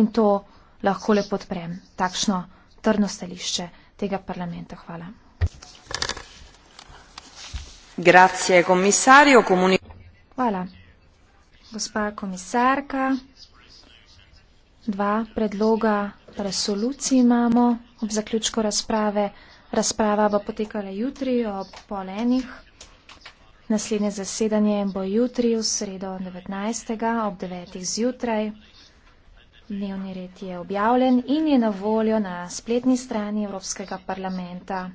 in to lahko le podprem, takšno trdno stališče tega parlamenta. Hvala. Grazie, komisarjo, komunik- Hvala. Gospa komisarka, dva predloga resolucij imamo ob zaključku razprave. Razprava bo potekala jutri ob pol enih. Naslednje zasedanje bo jutri v sredo 19. ob 9. zjutraj. Dnevni red je objavljen in je na voljo na spletni strani Evropskega parlamenta.